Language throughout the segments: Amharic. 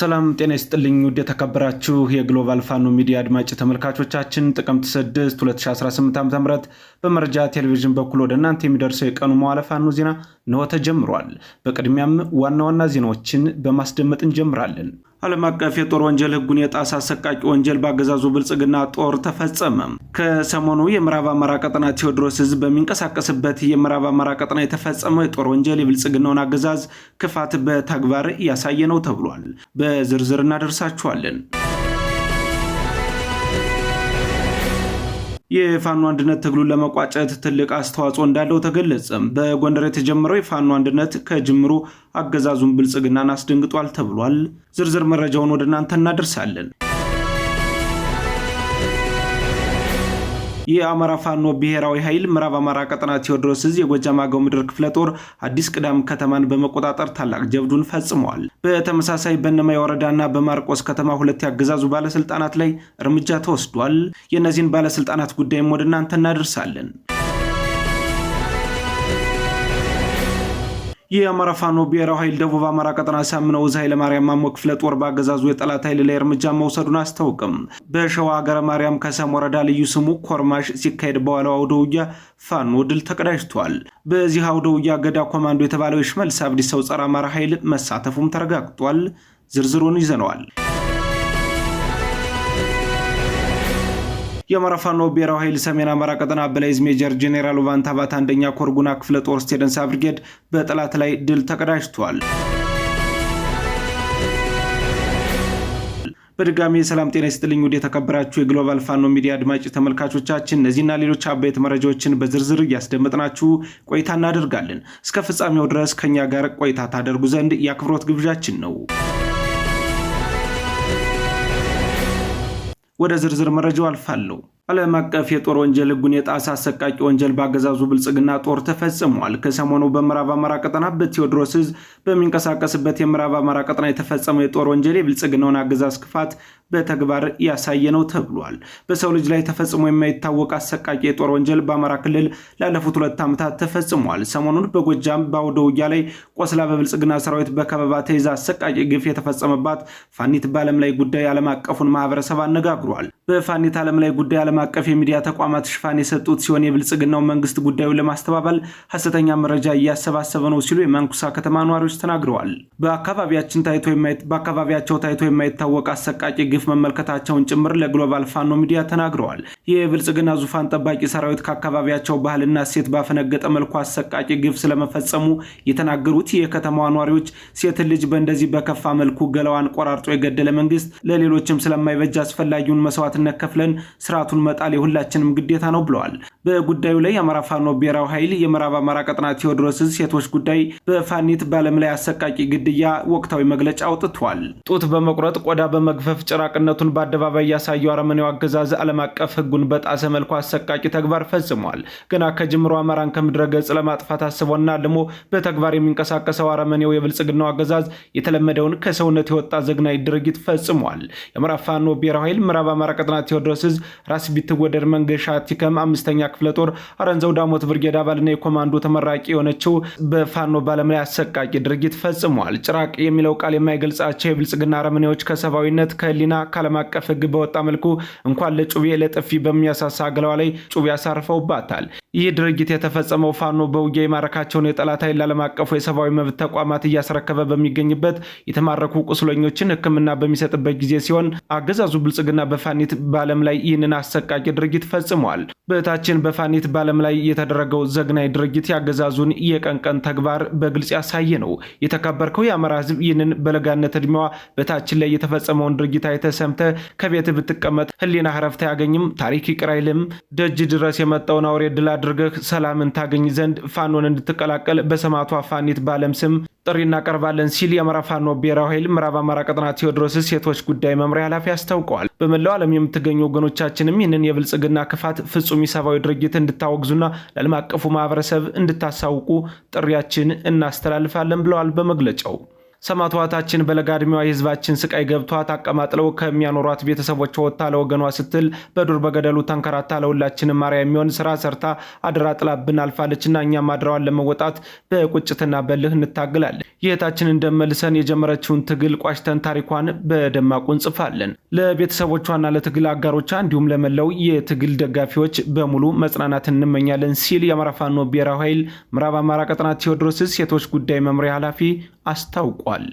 ሰላም ጤና ይስጥልኝ። ውድ የተከበራችሁ የግሎባል ፋኖ ሚዲያ አድማጭ ተመልካቾቻችን ጥቅምት 6 2018 ዓ.ም በመረጃ ቴሌቪዥን በኩል ወደ እናንተ የሚደርሰው የቀኑ መዋለ ፋኖ ዜና ነው ተጀምሯል። በቅድሚያም ዋና ዋና ዜናዎችን በማስደመጥ እንጀምራለን። ዓለም አቀፍ የጦር ወንጀል ህጉን የጣሰ አሰቃቂ ወንጀል በአገዛዙ ብልጽግና ጦር ተፈጸመ። ከሰሞኑ የምዕራብ አማራ ቀጠና ቴዎድሮስ ህዝብ በሚንቀሳቀስበት የምዕራብ አማራ ቀጠና የተፈጸመው የጦር ወንጀል የብልጽግናውን አገዛዝ ክፋት በተግባር እያሳየ ነው ተብሏል። በዝርዝር እናደርሳችኋለን። የፋኖ አንድነት ትግሉን ለመቋጨት ትልቅ አስተዋጽኦ እንዳለው ተገለጸ። በጎንደር የተጀመረው የፋኖ አንድነት ከጅምሩ አገዛዙን ብልጽግናን አስደንግጧል ተብሏል። ዝርዝር መረጃውን ወደ እናንተ እናደርሳለን። የአማራ ፋኖ ብሔራዊ ኃይል ምዕራብ አማራ ቀጠና ቴዎድሮስ ዝ የጎጃም አገው ምድር ክፍለ ጦር አዲስ ቅዳም ከተማን በመቆጣጠር ታላቅ ጀብዱን ፈጽመዋል። በተመሳሳይ በእነማይ ወረዳና በማርቆስ ከተማ ሁለት ያገዛዙ ባለስልጣናት ላይ እርምጃ ተወስዷል። የእነዚህን ባለስልጣናት ጉዳይም ወደ እናንተ እናደርሳለን። የአማራ ፋኖ ብሔራዊ ኃይል ደቡብ አማራ ቀጠና ሳምነው እዝ ኃይለ ማርያም ማሞ ክፍለ ጦር በአገዛዙ የጠላት ኃይል ላይ እርምጃ መውሰዱን አስታውቅም። በሸዋ ሀገረ ማርያም ከሰም ወረዳ ልዩ ስሙ ኮርማሽ ሲካሄድ በኋላው አውደ ውጊያ ፋኖ ድል ተቀዳጅቷል። በዚህ አውደ ውጊያ ገዳ ኮማንዶ የተባለው የሽመልስ አብዲስ ሰው ጸረ አማራ ኃይል መሳተፉም ተረጋግጧል። ዝርዝሩን ይዘነዋል። የአማራ ፋኖ ብሔራዊ ኃይል ሰሜን አማራ ቀጠና በላይዝ ሜጀር ጄኔራል ቫንታባት አንደኛ ኮርጉና ክፍለ ጦር ስቴደንሳ ብርጌድ በጠላት ላይ ድል ተቀዳጅቷል። በድጋሚ የሰላም ጤና ይስጥልኝ ውድ የተከበራችሁ የግሎባል ፋኖ ሚዲያ አድማጭ ተመልካቾቻችን፣ እነዚህና ሌሎች አበይት መረጃዎችን በዝርዝር እያስደመጥናችሁ ቆይታ እናደርጋለን። እስከ ፍጻሜው ድረስ ከእኛ ጋር ቆይታ ታደርጉ ዘንድ የአክብሮት ግብዣችን ነው። ወደ ዝርዝር መረጃው አልፋለሁ። ዓለም አቀፍ የጦር ወንጀል ህጉን የጣሰ አሰቃቂ ወንጀል በአገዛዙ ብልጽግና ጦር ተፈጽሟል። ከሰሞኑ በምዕራብ አማራ ቀጠና በቴዎድሮስ ዕዝ በሚንቀሳቀስበት የምዕራብ አማራ ቀጠና የተፈጸመው የጦር ወንጀል የብልጽግናውን አገዛዝ ክፋት በተግባር ያሳየ ነው ተብሏል። በሰው ልጅ ላይ ተፈጽሞ የማይታወቅ አሰቃቂ የጦር ወንጀል በአማራ ክልል ላለፉት ሁለት ዓመታት ተፈጽሟል። ሰሞኑን በጎጃም በአውደ ውጊያ ላይ ቆስላ በብልጽግና ሰራዊት በከበባ ተይዛ አሰቃቂ ግፍ የተፈጸመባት ፋኒት በዓለም ላይ ጉዳይ ዓለም አቀፉን ማህበረሰብ አነጋግሯል። በፋኒት ዓለም ላይ ጉዳይ አቀፍ የሚዲያ ተቋማት ሽፋን የሰጡት ሲሆን የብልጽግናው መንግስት ጉዳዩን ለማስተባበል ሀሰተኛ መረጃ እያሰባሰበ ነው ሲሉ የማንኩሳ ከተማ ነዋሪዎች ተናግረዋል። በአካባቢያቸው ታይቶ የማይታወቅ አሰቃቂ ግፍ መመልከታቸውን ጭምር ለግሎባል ፋኖ ሚዲያ ተናግረዋል። የብልጽግና ዙፋን ጠባቂ ሰራዊት ከአካባቢያቸው ባህልና ሴት ባፈነገጠ መልኩ አሰቃቂ ግፍ ስለመፈጸሙ የተናገሩት የከተማዋ ነዋሪዎች ሴትን ልጅ በእንደዚህ በከፋ መልኩ ገለዋን ቆራርጦ የገደለ መንግስት ለሌሎችም ስለማይበጅ አስፈላጊውን መስዋዕትነት ከፍለን ስርዓቱን መጣል የሁላችንም ግዴታ ነው ብለዋል። በጉዳዩ ላይ የአማራ ፋኖ ብሔራዊ ኃይል የምዕራብ አማራ ቀጠና ቴዎድሮስ ሴቶች ጉዳይ በፋኒት በዓለም ላይ አሰቃቂ ግድያ ወቅታዊ መግለጫ አውጥቷል። ጡት በመቁረጥ ቆዳ በመግፈፍ ጭራቅነቱን በአደባባይ ያሳየው አረመኔው አገዛዝ ዓለም አቀፍ ሕጉን በጣሰ መልኩ አሰቃቂ ተግባር ፈጽሟል። ገና ከጅምሮ አማራን ከምድረ ገጽ ለማጥፋት አስቦና ደግሞ በተግባር የሚንቀሳቀሰው አረመኔው የብልጽግናው አገዛዝ የተለመደውን ከሰውነት የወጣ ዘግናይ ድርጊት ፈጽሟል። የምዕራብ ፋኖ ብሔራዊ ኃይል ምዕራብ አማራ ቀጠና ቴዎድሮስ ራስ ቢትወደድ መንገሻ ቲከም አምስተኛ ክፍለ ጦር አረንዘው ዳሞት ብርጌድ አባልና የኮማንዶ ተመራቂ የሆነችው በፋኖ ባለም ላይ አሰቃቂ ድርጊት ፈጽሟል። ጭራቅ የሚለው ቃል የማይገልጻቸው የብልጽግና አረመኔዎች ከሰብአዊነት ከህሊና ከዓለም አቀፍ ህግ በወጣ መልኩ እንኳን ለጩቤ ለጥፊ በሚያሳሳ ገለዋ ላይ ጩቤ አሳርፈውባታል። ይህ ድርጊት የተፈጸመው ፋኖ በውጊያ የማረካቸውን የጠላት ኃይል ዓለም አቀፉ የሰብአዊ መብት ተቋማት እያስረከበ በሚገኝበት የተማረኩ ቁስለኞችን ሕክምና በሚሰጥበት ጊዜ ሲሆን አገዛዙ ብልጽግና በፋኒት በዓለም ላይ ይህንን አሰቃቂ ድርጊት ፈጽሟል። በእታችን በፋኒት በዓለም ላይ የተደረገው ዘግናይ ድርጊት የአገዛዙን የቀንቀን ተግባር በግልጽ ያሳየ ነው። የተከበርከው የአማራ ሕዝብ ይህንን በለጋነት እድሜዋ በታችን ላይ የተፈጸመውን ድርጊት አይተሰምተ ከቤት ብትቀመጥ ሕሊና እረፍት አያገኝም። ታሪክ ይቅር አይልም። ደጅ ድረስ የመጣውን አውሬ ድላ አድርገህ ሰላምን ታገኝ ዘንድ ፋኖን እንድትቀላቀል በሰማዕቷ ፋኒት ባለም ስም ጥሪ እናቀርባለን ሲል የአማራ ፋኖ ብሔራዊ ኃይል ምዕራብ አማራ ቀጠና ቴዎድሮስ ሴቶች ጉዳይ መምሪያ ኃላፊ አስታውቀዋል። በመላው ዓለም የምትገኙ ወገኖቻችንም ይህንን የብልጽግና ክፋት ፍጹም ኢሰብአዊ ድርጊት እንድታወግዙና ለዓለም አቀፉ ማህበረሰብ እንድታሳውቁ ጥሪያችን እናስተላልፋለን ብለዋል በመግለጫው ሰማዕቷ እህታችን በለጋ ዕድሜዋ የህዝባችን ስቃይ ገብቷት አቀማጥለው ከሚያኖሯት ቤተሰቦቿ ወጥታ ለወገኗ ስትል በዱር በገደሉ ተንከራታ ለሁላችንም ማርያ የሚሆን ስራ ሰርታ አደራ ጥላብን አልፋለችና እኛም አድራዋን ለመወጣት በቁጭትና በልህ እንታግላለን። ይህታችን እንደመልሰን የጀመረችውን ትግል ቋሽተን ታሪኳን በደማቁ እንጽፋለን። ለቤተሰቦቿና ለትግል አጋሮቿ እንዲሁም ለመላው የትግል ደጋፊዎች በሙሉ መጽናናት እንመኛለን ሲል የአማራ ፋኖ ብሔራዊ ኃይል ምዕራብ አማራ ቀጠና ቴዎድሮስ ሴቶች ጉዳይ መምሪያ ኃላፊ አስታውቋል።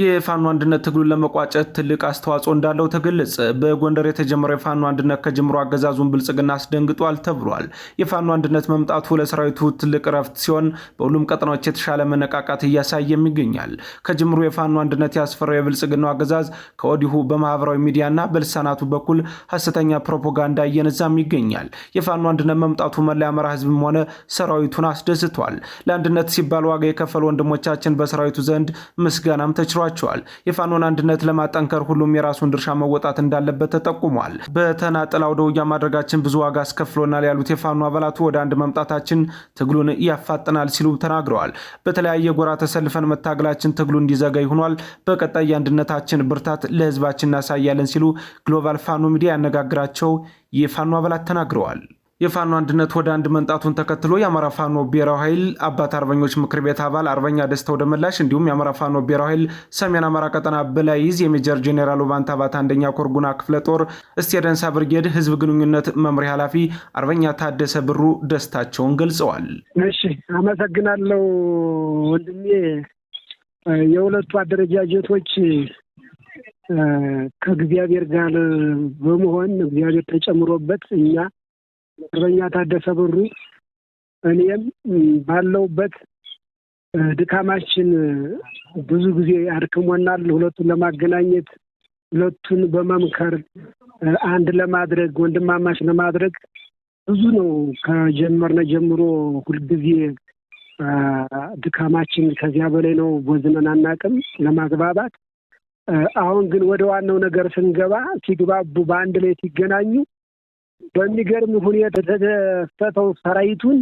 የፋኖ አንድነት ትግሉን ለመቋጨት ትልቅ አስተዋጽኦ እንዳለው ተገለጸ። በጎንደር የተጀመረው የፋኖ አንድነት ከጅምሮ አገዛዙን ብልጽግና አስደንግጧል ተብሏል። የፋኖ አንድነት መምጣቱ ለሰራዊቱ ትልቅ ረፍት ሲሆን በሁሉም ቀጠናዎች የተሻለ መነቃቃት እያሳየም ይገኛል። ከጅምሩ የፋኖ አንድነት ያስፈራው የብልጽግናው አገዛዝ ከወዲሁ በማህበራዊ ሚዲያና በልሳናቱ በኩል ሀሰተኛ ፕሮፓጋንዳ እየነዛም ይገኛል። የፋኖ አንድነት መምጣቱ መላ የአማራ ህዝብም ሆነ ሰራዊቱን አስደስቷል። ለአንድነት ሲባል ዋጋ የከፈሉ ወንድሞቻችን በሰራዊቱ ዘንድ ምስጋናም ተችሏል። አሳስበዋቸዋል። የፋኖን አንድነት ለማጠንከር ሁሉም የራሱን ድርሻ መወጣት እንዳለበት ተጠቁሟል። በተናጠል አውደ ውጊያ ማድረጋችን ብዙ ዋጋ አስከፍሎናል ያሉት የፋኖ አባላቱ ወደ አንድ መምጣታችን ትግሉን ያፋጥናል ሲሉ ተናግረዋል። በተለያየ ጎራ ተሰልፈን መታገላችን ትግሉ እንዲዘገይ ሆኗል። በቀጣይ የአንድነታችን ብርታት ለህዝባችን እናሳያለን ሲሉ ግሎባል ፋኖ ሚዲያ ያነጋግራቸው የፋኖ አባላት ተናግረዋል። የፋኖ አንድነት ወደ አንድ መምጣቱን ተከትሎ የአማራ ፋኖ ብሔራዊ ኃይል አባት አርበኞች ምክር ቤት አባል አርበኛ ወደ መላሽ እንዲሁም የአማራ ፋኖ ብሔራዊ ኃይል ሰሜን አማራ ቀጠና በላይዝ የሜጀር ጄኔራል ባንት አባት አንደኛ ኮርጉና ክፍለ ጦር እስቴደንሳ ብርጌድ ህዝብ ግንኙነት መምሪያ ኃላፊ አርበኛ ታደሰ ብሩ ደስታቸውን ገልጸዋል። እሺ፣ አመሰግናለሁ ወንድሜ። የሁለቱ አደረጃጀቶች ከእግዚአብሔር ጋር በመሆን እግዚአብሔር ተጨምሮበት እኛ አርበኛ ታደሰ ብሩ እኔም ባለውበት ድካማችን ብዙ ጊዜ አድክሞናል። ሁለቱን ለማገናኘት ሁለቱን በመምከር አንድ ለማድረግ ወንድማማች ለማድረግ ብዙ ነው ከጀመርነ ጀምሮ ሁልጊዜ ድካማችን ከዚያ በላይ ነው። ወዝነን አናቅም ለማግባባት። አሁን ግን ወደ ዋናው ነገር ስንገባ ሲግባቡ፣ በአንድ ላይ ሲገናኙ በሚገርም ሁኔታ የተደሰተው ሰራዊቱን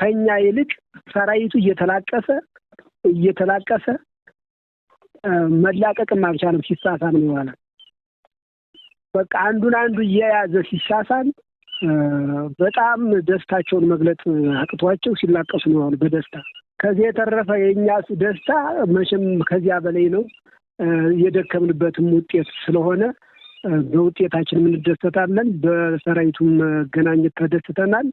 ከኛ ይልቅ ሰራዊቱ እየተላቀሰ እየተላቀሰ መላቀቅም አልቻለም። ሲሳሳም ነው ይዋላል። በቃ አንዱን አንዱ እየያዘ ሲሳሳን በጣም ደስታቸውን መግለጥ አቅቷቸው ሲላቀሱ ነው በደስታ ከዚህ የተረፈ የእኛ ደስታ መቼም ከዚያ በላይ ነው። የደከምንበትም ውጤት ስለሆነ በውጤታችን እንደሰታለን፣ በሰራዊቱም መገናኘት ተደስተናል።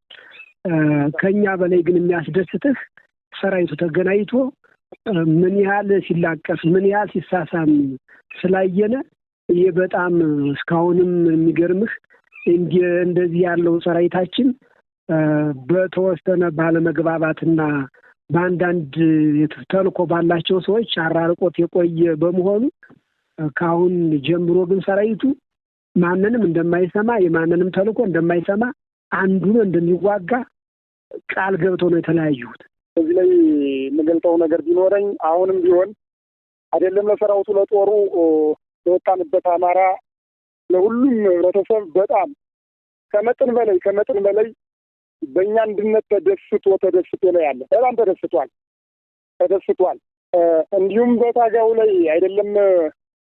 ከኛ በላይ ግን የሚያስደስትህ ሰራዊቱ ተገናኝቶ ምን ያህል ሲላቀስ ምን ያህል ሲሳሳም ስላየነ ይሄ በጣም እስካሁንም የሚገርምህ እንደዚህ ያለው ሰራዊታችን በተወሰነ ባለመግባባትና በአንዳንድ ተልኮ ባላቸው ሰዎች አራርቆት የቆየ በመሆኑ ከአሁን ጀምሮ ግን ሰራዊቱ ማንንም እንደማይሰማ የማንንም ተልእኮ እንደማይሰማ አንዱን እንደሚዋጋ ቃል ገብተው ነው የተለያዩት። እዚህ ላይ የምገልጠው ነገር ቢኖረኝ አሁንም ቢሆን አይደለም ለሰራዊቱ ለጦሩ ለወጣንበት አማራ ለሁሉም ህብረተሰብ በጣም ከመጠን በላይ ከመጠን በላይ በእኛ አንድነት ተደስቶ ተደስቶ ነው ያለ። በጣም ተደስቷል ተደስቷል። እንዲሁም በታጋው ላይ አይደለም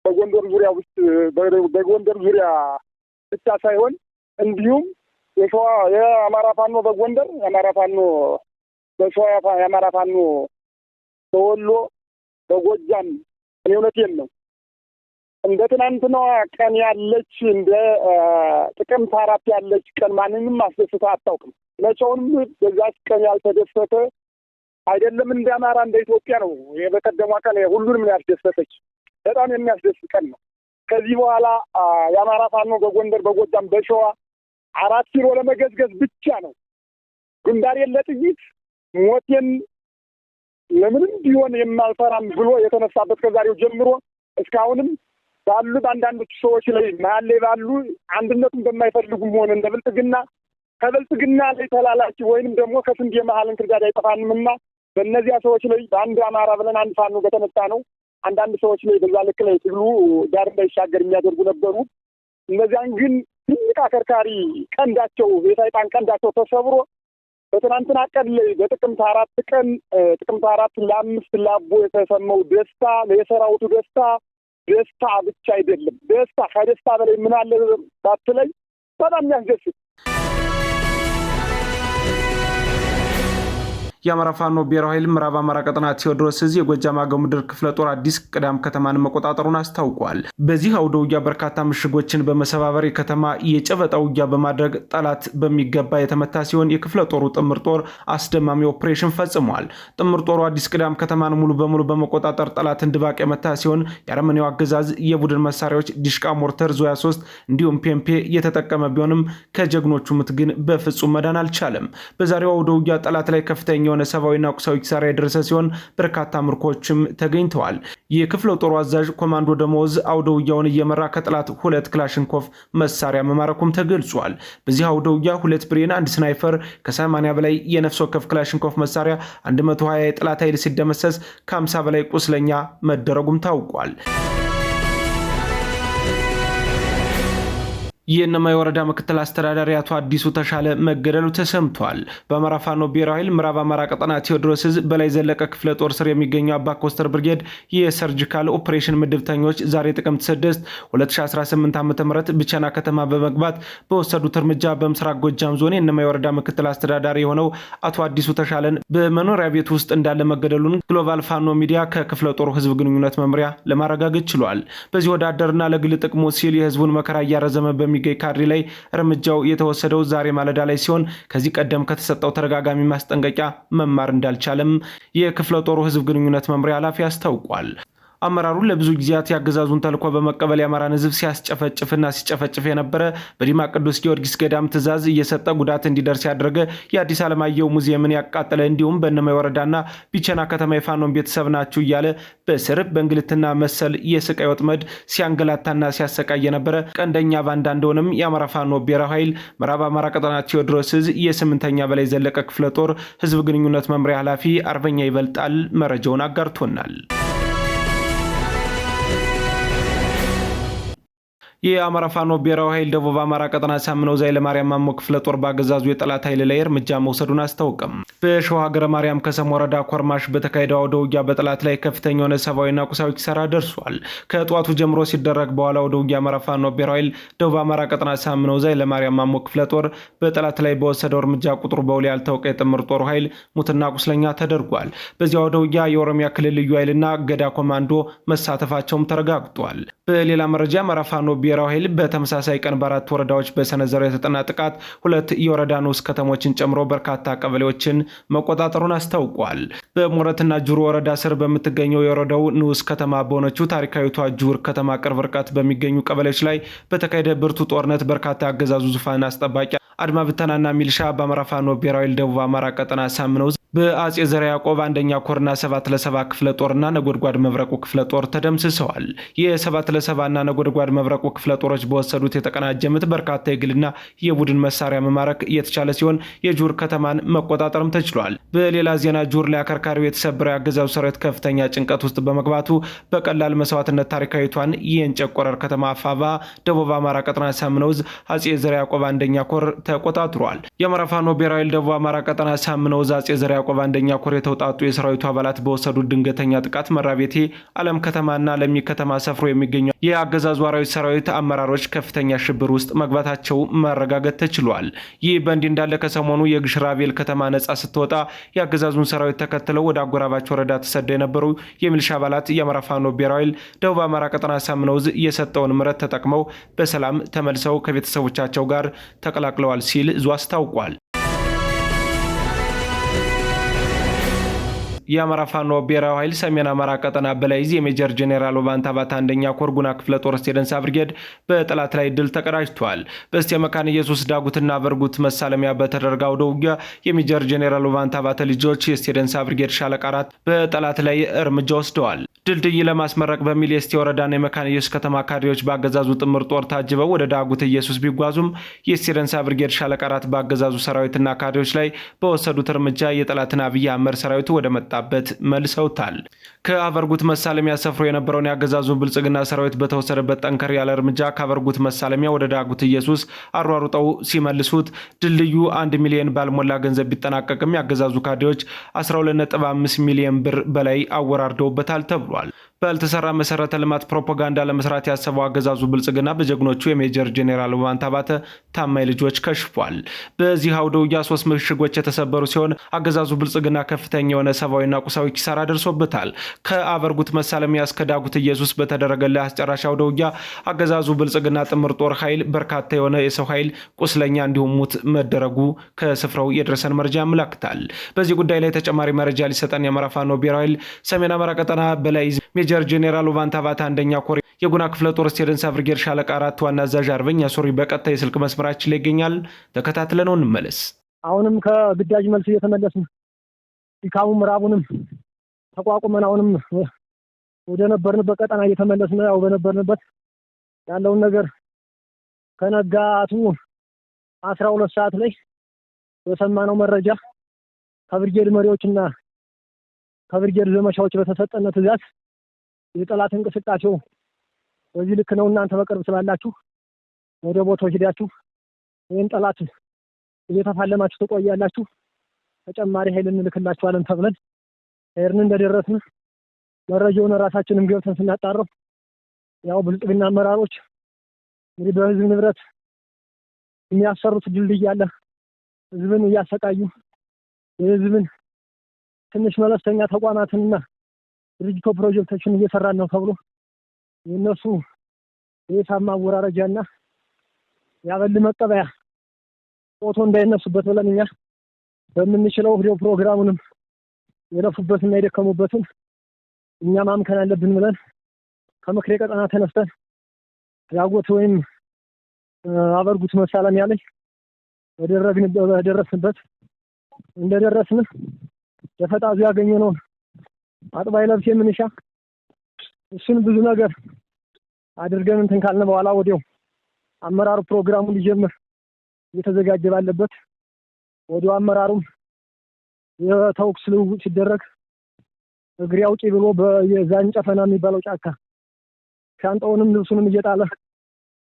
በጎንደር ዙሪያ ውስጥ በጎንደር ዙሪያ ብቻ ሳይሆን እንዲሁም የሸዋ የአማራ ፋኖ በጎንደር የአማራ ፋኖ በሸዋ የአማራ ፋኖ በወሎ በጎጃም እኔ እውነቴን ነው እንደ ትናንትናዋ ቀን ያለች እንደ ጥቅምት አራት ያለች ቀን ማንንም አስደስታ አታውቅም። መቼውንም በዛች ቀን ያልተደሰተ አይደለም እንደ አማራ እንደ ኢትዮጵያ ነው። በቀደሟ ቀን ሁሉንም ያስደሰተች በጣም የሚያስደስት ቀን ነው። ከዚህ በኋላ የአማራ ፋኖ በጎንደር፣ በጎጃም፣ በሸዋ አራት ኪሎ ለመገዝገዝ ብቻ ነው። ግንባሬን ለጥይት ሞቴን ለምንም ቢሆን የማልፈራም ብሎ የተነሳበት ከዛሬው ጀምሮ እስካሁንም ባሉ በአንዳንዶቹ ሰዎች ላይ መሀል ላይ ባሉ አንድነቱን በማይፈልጉም ሆነ እንደ ብልጽግና ከብልጽግና ላይ ተላላኪ ወይንም ደግሞ ከስንዴ መሀል እንክርዳድ አይጠፋንም እና በእነዚያ ሰዎች ላይ በአንድ አማራ ብለን አንድ ፋኖ በተነሳ ነው አንዳንድ ሰዎች ላይ የገዛ ልክ ላይ ትግሉ ዳር እንዳይሻገር የሚያደርጉ ነበሩ። እነዚያን ግን ትልቅ አከርካሪ ቀንዳቸው የሰይጣን ቀንዳቸው ተሰብሮ በትናንትና ቀን ላይ በጥቅምት አራት ቀን ጥቅምት አራት ለአምስት ላቦ የተሰማው ደስታ የሰራዊቱ ደስታ ደስታ ብቻ አይደለም። ደስታ ከደስታ በላይ ምን አለ ባትለኝ በጣም የሚያስደስት የአማራ ፋኖ ብሔራዊ ኃይል ምዕራብ አማራ ቀጠና ቴዎድሮስ እዝ የጎጃም አገው ምድር ክፍለ ጦር አዲስ ቅዳም ከተማን መቆጣጠሩን አስታውቋል። በዚህ አውደ ውጊያ በርካታ ምሽጎችን በመሰባበር የከተማ የጨበጣ ውጊያ በማድረግ ጠላት በሚገባ የተመታ ሲሆን የክፍለ ጦሩ ጥምር ጦር አስደማሚ ኦፕሬሽን ፈጽሟል። ጥምር ጦሩ አዲስ ቅዳም ከተማን ሙሉ በሙሉ በመቆጣጠር ጠላትን ድባቅ የመታ ሲሆን የአረመኔው አገዛዝ የቡድን መሳሪያዎች ዲሽቃ፣ ሞርተር፣ ዙያ ሶስት እንዲሁም ፔምፔ እየተጠቀመ ቢሆንም ከጀግኖቹ ምት ግን በፍጹም መዳን አልቻለም። በዛሬው አውደ ውጊያ ጠላት ላይ ከፍተኛ የሆነ ሰብአዊና ቁሳዊ ኪሳራ የደረሰ ሲሆን በርካታ ምርኮችም ተገኝተዋል። የክፍለ ጦሩ አዛዥ ኮማንዶ ደሞዝ አውደ ውጊያውን እየመራ ከጠላት ሁለት ክላሽንኮቭ መሳሪያ መማረኩም ተገልጿል። በዚህ አውደ ውጊያ ሁለት ብሬን፣ አንድ ስናይፈር ከ ከ80 በላይ የነፍስ ወከፍ ክላሽንኮቭ መሳሪያ፣ 120 የጠላት ኃይል ሲደመሰስ ከ50 በላይ ቁስለኛ መደረጉም ታውቋል። የእነማይ ወረዳ ምክትል አስተዳዳሪ አቶ አዲሱ ተሻለ መገደሉ ተሰምቷል። በአማራ ፋኖ ብሔራዊ ኃይል ምዕራብ አማራ ቀጠና ቴዎድሮስ ዕዝ በላይ ዘለቀ ክፍለ ጦር ስር የሚገኘው አባ ኮስተር ብርጌድ የሰርጂካል ኦፕሬሽን ምድብተኞች ዛሬ ጥቅምት 6 2018 ዓ ም ብቸና ከተማ በመግባት በወሰዱት እርምጃ በምስራቅ ጎጃም ዞን የእነማይ ወረዳ ምክትል አስተዳዳሪ የሆነው አቶ አዲሱ ተሻለን በመኖሪያ ቤት ውስጥ እንዳለ መገደሉን ግሎባል ፋኖ ሚዲያ ከክፍለ ጦሩ ህዝብ ግንኙነት መምሪያ ለማረጋገጥ ችሏል። በዚህ ወዳደርና ለግል ጥቅሙ ሲል የህዝቡን መከራ እያረዘመ በሚ የሚገኝ ካድሬ ላይ እርምጃው የተወሰደው ዛሬ ማለዳ ላይ ሲሆን ከዚህ ቀደም ከተሰጠው ተደጋጋሚ ማስጠንቀቂያ መማር እንዳልቻለም የክፍለ ጦሩ ህዝብ ግንኙነት መምሪያ ኃላፊ አስታውቋል። አመራሩን ለብዙ ጊዜያት ያገዛዙን ተልኮ በመቀበል የአማራን ህዝብ ሲያስጨፈጭፍና ሲጨፈጭፍ የነበረ በዲማ ቅዱስ ጊዮርጊስ ገዳም ትዕዛዝ እየሰጠ ጉዳት እንዲደርስ ያደረገ የአዲስ አለማየሁ ሙዚየምን ያቃጠለ እንዲሁም በእነማይ ወረዳና ቢቸና ከተማ የፋኖን ቤተሰብ ናችሁ እያለ በእስር በእንግልትና መሰል የስቃይ ወጥመድ ሲያንገላታና ሲያሰቃይ የነበረ ቀንደኛ ባንዳ እንደሆነም የአማራ ፋኖ ብሔራዊ ኃይል ምዕራብ አማራ ቀጠና ቴዎድሮስ ዕዝ የስምንተኛ በላይ ዘለቀ ክፍለ ጦር ህዝብ ግንኙነት መምሪያ ኃላፊ አርበኛ ይበልጣል መረጃውን አጋርቶናል። የአማራ ፋኖ ብሔራዊ ኃይል ደቡብ አማራ ቀጠና ሳምነው ዛይ ለማርያም ማሞ ክፍለ ጦር ባገዛዙ የጠላት ኃይል ላይ እርምጃ መውሰዱን አስታወቀም። በሸዋ ሀገረ ማርያም ከሰም ወረዳ ኮርማሽ በተካሄደው አውደ ውጊያ በጠላት ላይ ከፍተኛ የሆነ ሰብአዊና ቁሳዊ ኪሳራ ደርሷል። ከጠዋቱ ጀምሮ ሲደረግ በኋላ አውደ ውጊያ አማራ ፋኖ ብሔራዊ ኃይል ደቡብ አማራ ቀጠና ሳምነው ዛይ ለማርያም ማሞ ክፍለ ጦር በጠላት ላይ በወሰደው እርምጃ ቁጥሩ በውል ያልታወቀ የጥምር ጦሩ ኃይል ሙትና ቁስለኛ ተደርጓል። በዚያ አውደ ውጊያ የኦሮሚያ ክልል ልዩ ኃይልና ገዳ ኮማንዶ መሳተፋቸውም ተረጋግጧል። በሌላ መረጃ አማራ ፋኖ ብሔራዊ ኃይል በተመሳሳይ ቀን በአራት ወረዳዎች በሰነዘረው የተጠና ጥቃት ሁለት የወረዳ ንዑስ ከተሞችን ጨምሮ በርካታ ቀበሌዎችን መቆጣጠሩን አስታውቋል። በሞረትና ጁር ወረዳ ስር በምትገኘው የወረዳው ንዑስ ከተማ በሆነችው ታሪካዊቷ ጁር ከተማ ቅርብ ርቀት በሚገኙ ቀበሌዎች ላይ በተካሄደ ብርቱ ጦርነት በርካታ አገዛዙ ዙፋን አስጠባቂ አድማ ብተናና ሚልሻ በአማራ ፋኖ ብሔራዊ ደቡብ አማራ ቀጠና ሳምነው በአጼ ዘርዓ ያዕቆብ አንደኛ ኮርና ሰባት ለሰባ ክፍለ ጦርና ነጎድጓድ መብረቁ ክፍለ ጦር ተደምስሰዋል። የሰባት ለሰባና ነጎድጓድ መብረቁ ክፍለ ጦሮች በወሰዱት የተቀናጀ ምት በርካታ የግልና የቡድን መሳሪያ መማረክ እየተቻለ ሲሆን የጁር ከተማን መቆጣጠርም ተችሏል። በሌላ ዜና ጁር ላይ አከርካሪው የተሰበረው የአገዛዙ ሰራዊት ከፍተኛ ጭንቀት ውስጥ በመግባቱ በቀላል መስዋዕትነት ታሪካዊቷን የእንጨቆረር ከተማ አፋባ ደቡብ አማራ ቀጠና ሳምነውዝ አጼ ዘርዓ ያዕቆብ አንደኛ ኮር ተቆጣጥሯል። የአማራ ፋኖ ብሔራዊ ደቡብ አማራ ቀጠና ሳምነው ዛጼ ዘርዓ ያቆብ አንደኛ ኮር የተውጣጡ የሰራዊቱ አባላት በወሰዱት ድንገተኛ ጥቃት መራቤቴ፣ አለም ከተማና ለሚ ከተማ ሰፍሮ የሚገኙ የአገዛዙ አራዊት ሰራዊት አመራሮች ከፍተኛ ሽብር ውስጥ መግባታቸው መረጋገጥ ተችሏል። ይህ በእንዲህ እንዳለ ከሰሞኑ የግሽራቤል ከተማ ነጻ ስትወጣ የአገዛዙን ሰራዊት ተከትለው ወደ አጎራባች ወረዳ ተሰደው የነበሩ የሚልሻ አባላት የአማራ ፋኖ ብሔራዊ ደቡብ አማራ ቀጠና ሳምነውዝ የሰጠውን ምረት ተጠቅመው በሰላም ተመልሰው ከቤተሰቦቻቸው ጋር ተቀላቅለዋል ተደርጓል ሲል እዙ አስታውቋል። የአማራ ፋኖ ብሔራዊ ኃይል ሰሜን አማራ ቀጠና በላይዝ የሜጀር ጄኔራል ኦባንታ ባት አንደኛ ኮር ጉና ክፍለ ጦር ስቴደንሳ ብርጌድ በጠላት ላይ ድል ተቀዳጅቷል። በስቴ መካነ ኢየሱስ ዳጉትና በርጉት መሳለሚያ በተደረገ አውደ ውጊያ የሜጀር ጄኔራል ኦባንታ ባተ ልጆች የስቴደንሳ ብርጌድ ሻለቃ አራት በጠላት ላይ እርምጃ ወስደዋል። ድልድይ ለማስመረቅ በሚል የእስቴ ወረዳና የመካነ ኢየሱስ ከተማ ካድሬዎች በአገዛዙ ጥምር ጦር ታጅበው ወደ ዳጉት ኢየሱስ ቢጓዙም የእስቴ ደንሳ ብርጌድ ሻለቃራት በአገዛዙ ሰራዊትና ካድሬዎች ላይ በወሰዱት እርምጃ የጠላትን አብይ አመር ሰራዊቱ ወደ መጣበት መልሰውታል። ከአበርጉት መሳለሚያ ሰፍሮ የነበረውን የአገዛዙ ብልጽግና ሰራዊት በተወሰደበት ጠንከር ያለ እርምጃ ከአበርጉት መሳለሚያ ወደ ዳጉት ኢየሱስ አሯሩጠው ሲመልሱት ድልድዩ አንድ ሚሊዮን ባልሞላ ገንዘብ ቢጠናቀቅም የአገዛዙ ካድሬዎች 12.5 ሚሊዮን ብር በላይ አወራርደውበታል ተብሏል። ተብሏል። ባልተሰራ መሰረተ ልማት ፕሮፓጋንዳ ለመስራት ያሰበው አገዛዙ ብልጽግና በጀግኖቹ የሜጀር ጄኔራል ውባንተ ባተ ታማኝ ልጆች ከሽፏል። በዚህ አውደ ውጊያ ሶስት ምሽጎች የተሰበሩ ሲሆን አገዛዙ ብልጽግና ከፍተኛ የሆነ ሰብአዊና ቁሳዊ ኪሳራ ደርሶበታል። ከአበርጉት መሳለሚያ እስከ ዳጉት ኢየሱስ በተደረገለት አስጨራሽ አውደ ውጊያ አገዛዙ ብልጽግና ጥምር ጦር ኃይል በርካታ የሆነ የሰው ኃይል ቁስለኛ እንዲሁም ሙት መደረጉ ከስፍራው የደረሰን መረጃ ያመላክታል። በዚህ ጉዳይ ላይ ተጨማሪ መረጃ ሊሰጠን የአማራ ፋኖ ብሔራዊ ኃይል ሰሜን አማራ ቀጠና በላይ ላይ ሜጀር ጄኔራል ኡባንታ ባታ አንደኛ ኮር የጉና ክፍለ ጦር ስቴደንሳ ብርጌድ ሻለቃ አራት ዋና አዛዥ አርበኛ ሶሪ በቀጥታ የስልክ መስመራችን ላይ ይገኛል። ተከታትለ ነው እንመለስ። አሁንም ከግዳጅ መልስ እየተመለስን ኢካቡም ምዕራቡንም ተቋቁመን አሁንም ወደ ነበርንበት ቀጠና እየተመለስን ያው በነበርንበት ያለውን ነገር ከነጋቱ አስራ ሁለት ሰዓት ላይ በሰማነው መረጃ ከብርጌድ መሪዎችና ከብርጌድ ዘመቻዎች በተሰጠነ ትእዛዝ የጠላት እንቅስቃሴው በዚህ ልክ ነው። እናንተ በቅርብ ስላላችሁ ወደ ቦታው ሂዳችሁ ይህን ጠላት እየተፋለማችሁ ትቆያላችሁ፣ ተጨማሪ ኃይል እንልክላችኋለን ተብለን ሄድን። እንደደረስን መረጃውን ራሳችንም ገብተን ስናጣረው ያው ብልጽግና አመራሮች እንግዲህ በህዝብ ንብረት የሚያሰሩት ድልድይ አለ። ህዝብን እያሰቃዩ የህዝብን ትንሽ መለስተኛ ተቋማትንና ድርጅቶ ፕሮጀክቶችን እየሰራን ነው ተብሎ የእነሱ የሂሳብ ማወራረጃና ያበል መጠበያ ፎቶ እንዳይነሱበት ብለን እኛ በምንችለው ህዲው ፕሮግራሙንም የለፉበትና የደከሙበትን እኛ ማምከን አለብን ብለን ከምክሬ ቀጠና ተነስተን ያጎት ወይም አበርጉት መሳለም ያለኝ በደረስንበት እንደደረስን ያገኘ ነው አጥባይ ለብሴ የምንሻ እሱን ብዙ ነገር አድርገን እንትን ካልነ በኋላ ወዲያው አመራሩ ፕሮግራሙን ሊጀምር እየተዘጋጀ ባለበት ወዲያው አመራሩም የተኩስ ልውውጥ ሲደረግ እግሬ አውጪ ብሎ በዛን ጨፈና የሚባለው ጫካ ሻንጣውንም ልብሱንም እየጣለ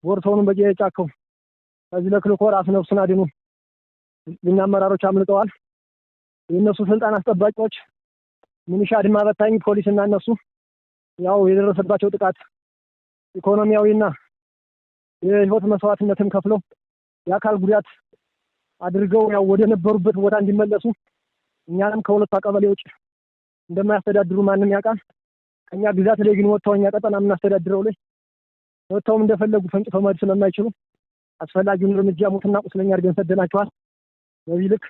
ቦርሳውንም በጫካው ከዚህ ለክልኮ ራስ ነፍሱን አድኖ እኛ አመራሮች አምልጠዋል። የእነሱ ስልጣን አስጠባቂዎች ሚኒሻ፣ አድማ በታኝ እና እነሱ ያው የደረሰባቸው ጥቃት ኢኮኖሚያዊና የህይወት መስዋዕትነትም ከፍለው የአካል ጉዳት አድርገው ያው ወደ ነበሩበት ቦታ እንዲመለሱ እኛንም ከሁለቱ ቀበሌ ውጭ እንደማያስተዳድሩ ማንም ያውቃል። ከእኛ ግዛት ላይ ግን ወጥተው እኛ ቀጠና የምናስተዳድረው ላይ ወጥተውም እንደፈለጉ ፈንጭተው መድ ስለማይችሉ አስፈላጊውን እርምጃ ሙትና ቁስለኛ አድርገን ሰደናቸዋል። በዚህ ልክ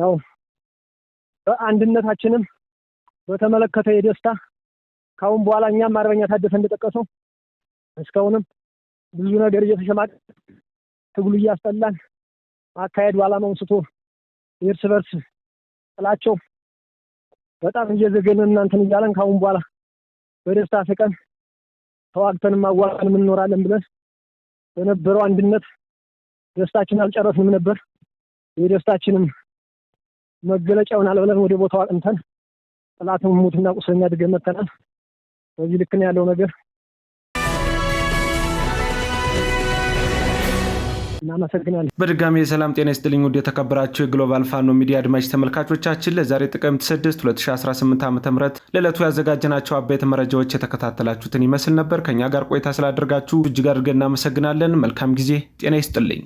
ያው አንድነታችንም በተመለከተ የደስታ ካሁን በኋላ እኛም አርበኛ ታደሰ እንደጠቀሰው እስካሁንም ብዙ ነገር እየተሸማቀ ትግሉ እያስጠላን አካሄዱ ዓላማውን ስቶ የእርስ በርስ ጥላቸው በጣም እየዘገነ እናንተን እያለን ካሁን በኋላ በደስታ ስቀን ተዋግተንም አዋራንም እንኖራለን ብለን በነበረው አንድነት ደስታችን አልጨረስንም ነበር። የደስታችንም መገለጫ ይሆናል ብለን ወደ ቦታው አቅንተን ጠላትም ሙትና ቁስለኛ አድርገን መተናል። በዚህ ልክ ነው ያለው ነገር። እናመሰግናለን። በድጋሚ የሰላም ጤና ይስጥልኝ። ውድ የተከበራቸው የግሎባል ፋኖ ሚዲያ አድማጭ ተመልካቾቻችን ለዛሬ ጥቅምት 6 2018 ዓ ም ለዕለቱ ያዘጋጀናቸው አበይት መረጃዎች የተከታተላችሁትን ይመስል ነበር። ከእኛ ጋር ቆይታ ስላደርጋችሁ እጅግ አድርገን እናመሰግናለን። መልካም ጊዜ። ጤና ይስጥልኝ።